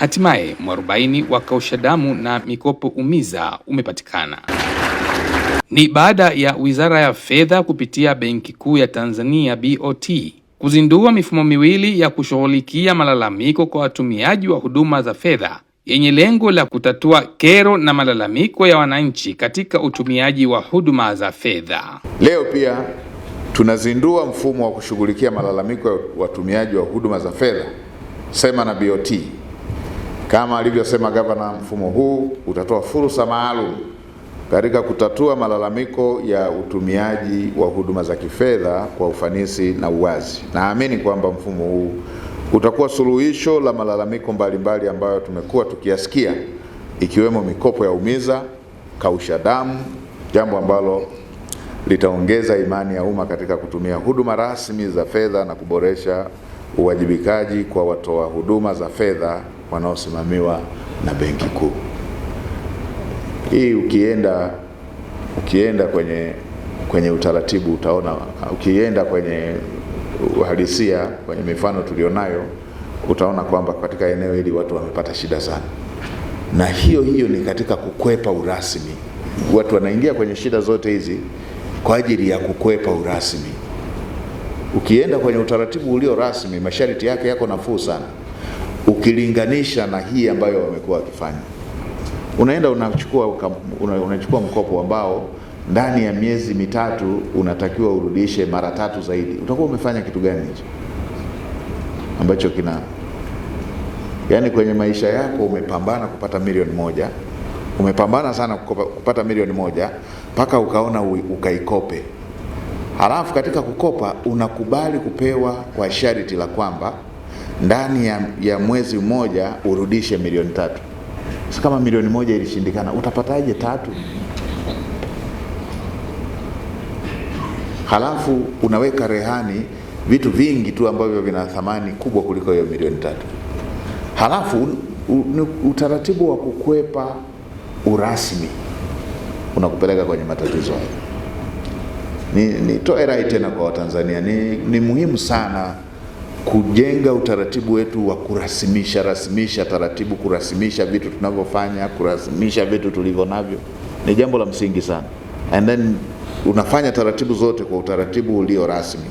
Hatimaye mwarobaini wa kausha damu na mikopo umiza umepatikana. Ni baada ya Wizara ya Fedha kupitia Benki Kuu ya Tanzania BOT kuzindua mifumo miwili ya kushughulikia malalamiko kwa watumiaji wa huduma za fedha yenye lengo la kutatua kero na malalamiko ya wananchi katika utumiaji wa huduma za fedha. Leo pia tunazindua mfumo wa kushughulikia malalamiko ya watumiaji wa huduma za fedha SEMA na BOT kama alivyosema gavana, mfumo huu utatoa fursa maalum katika kutatua malalamiko ya utumiaji wa huduma za kifedha kwa ufanisi na uwazi. Naamini kwamba mfumo huu utakuwa suluhisho la malalamiko mbalimbali ambayo tumekuwa tukiyasikia ikiwemo mikopo ya umiza, kausha damu, jambo ambalo litaongeza imani ya umma katika kutumia huduma rasmi za fedha na kuboresha uwajibikaji kwa watoa huduma za fedha wanaosimamiwa na Benki Kuu. Hii ukienda ukienda kwenye kwenye utaratibu utaona, ukienda kwenye uhalisia, kwenye mifano tulionayo utaona kwamba katika eneo hili watu wamepata shida sana, na hiyo hiyo ni katika kukwepa urasmi. Watu wanaingia kwenye shida zote hizi kwa ajili ya kukwepa urasmi. Ukienda kwenye utaratibu ulio rasmi, masharti yake yako nafuu sana ukilinganisha na hii ambayo wamekuwa wakifanya. Unaenda unachukua unachukua mkopo ambao ndani ya miezi mitatu unatakiwa urudishe mara tatu zaidi. Utakuwa umefanya kitu gani hicho ambacho kina yaani, kwenye maisha yako umepambana kupata milioni moja, umepambana sana kupata milioni moja mpaka ukaona ukaikope, halafu katika kukopa unakubali kupewa kwa sharti la kwamba ndani ya, ya mwezi mmoja urudishe milioni tatu. Sasa kama milioni moja ilishindikana, utapataje tatu? Halafu unaweka rehani vitu vingi tu ambavyo vina thamani kubwa kuliko hiyo milioni tatu. Halafu utaratibu wa kukwepa urasmi unakupeleka kwenye matatizo hayo. Nitoe rai tena kwa Watanzania, ni, ni muhimu sana kujenga utaratibu wetu wa kurasimisha rasimisha taratibu, kurasimisha vitu tunavyofanya, kurasimisha vitu tulivyo navyo ni jambo la msingi sana, and then unafanya taratibu zote kwa utaratibu ulio rasmi.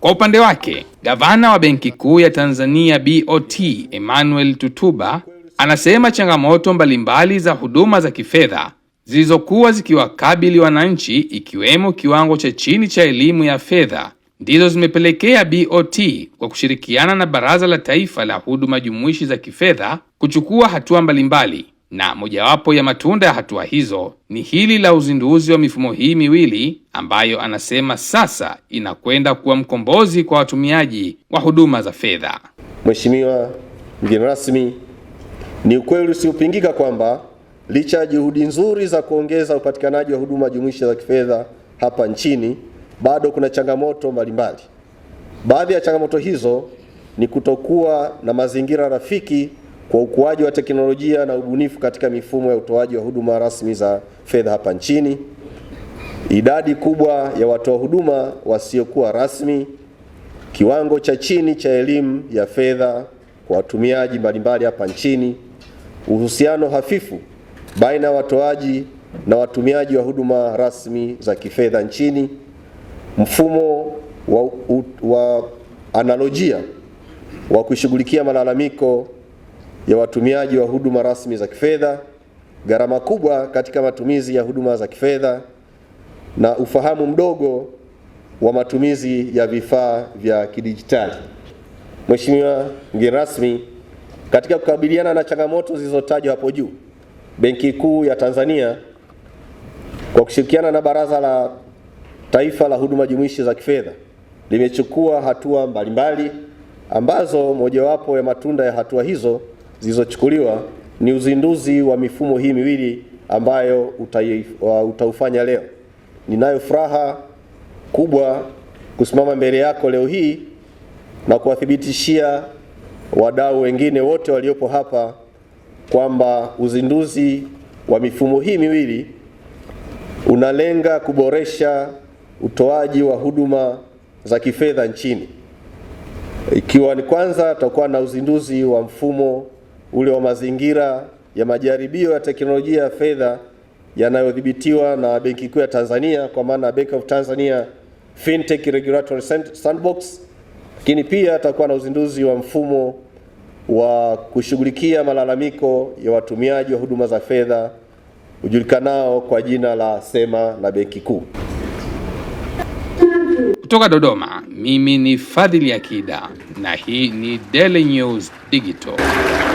Kwa upande wake, gavana wa Benki Kuu ya Tanzania BOT Emmanuel Tutuba anasema changamoto mbalimbali za huduma za kifedha zilizokuwa zikiwakabili wananchi ikiwemo kiwango cha chini cha elimu ya fedha ndizo zimepelekea BOT kwa kushirikiana na Baraza la Taifa la Huduma Jumuishi za Kifedha kuchukua hatua mbalimbali, na mojawapo ya matunda ya hatua hizo ni hili la uzinduzi wa mifumo hii miwili ambayo anasema sasa inakwenda kuwa mkombozi kwa watumiaji wa huduma za fedha. Mheshimiwa mgeni rasmi, ni ukweli usiopingika kwamba licha ya juhudi nzuri za kuongeza upatikanaji wa huduma jumuishi za kifedha hapa nchini bado kuna changamoto mbalimbali. Baadhi ya changamoto hizo ni kutokuwa na mazingira rafiki kwa ukuaji wa teknolojia na ubunifu katika mifumo ya utoaji wa huduma rasmi za fedha hapa nchini, idadi kubwa ya watoa huduma wasiokuwa rasmi, kiwango cha chini cha elimu ya fedha kwa watumiaji mbalimbali hapa nchini, uhusiano hafifu baina ya watoaji na watumiaji wa huduma rasmi za kifedha nchini mfumo wa, u, wa analojia wa kushughulikia malalamiko ya watumiaji wa huduma rasmi za kifedha, gharama kubwa katika matumizi ya huduma za kifedha na ufahamu mdogo wa matumizi ya vifaa vya kidijitali. Mheshimiwa mgeni rasmi, katika kukabiliana na changamoto zilizotajwa hapo juu, Benki Kuu ya Tanzania kwa kushirikiana na Baraza la Taifa la Huduma Jumuishi za Kifedha limechukua hatua mbalimbali ambazo mojawapo ya matunda ya hatua hizo zilizochukuliwa ni uzinduzi wa mifumo hii miwili ambayo utaufanya leo. Ninayo furaha kubwa kusimama mbele yako leo hii na kuwathibitishia wadau wengine wote waliopo hapa kwamba uzinduzi wa mifumo hii miwili unalenga kuboresha utoaji wa huduma za kifedha nchini, ikiwa ni kwanza tutakuwa na uzinduzi wa mfumo ule wa mazingira ya majaribio ya teknolojia ya fedha yanayodhibitiwa na Benki Kuu ya Tanzania kwa maana Bank of Tanzania Fintech Regulatory Sandbox, lakini pia tutakuwa na uzinduzi wa mfumo wa kushughulikia malalamiko ya watumiaji wa huduma za fedha ujulikanao kwa jina la Sema na Benki Kuu. Kutoka Dodoma, mimi ni Fadhili Akida na hii ni Daily News Digital.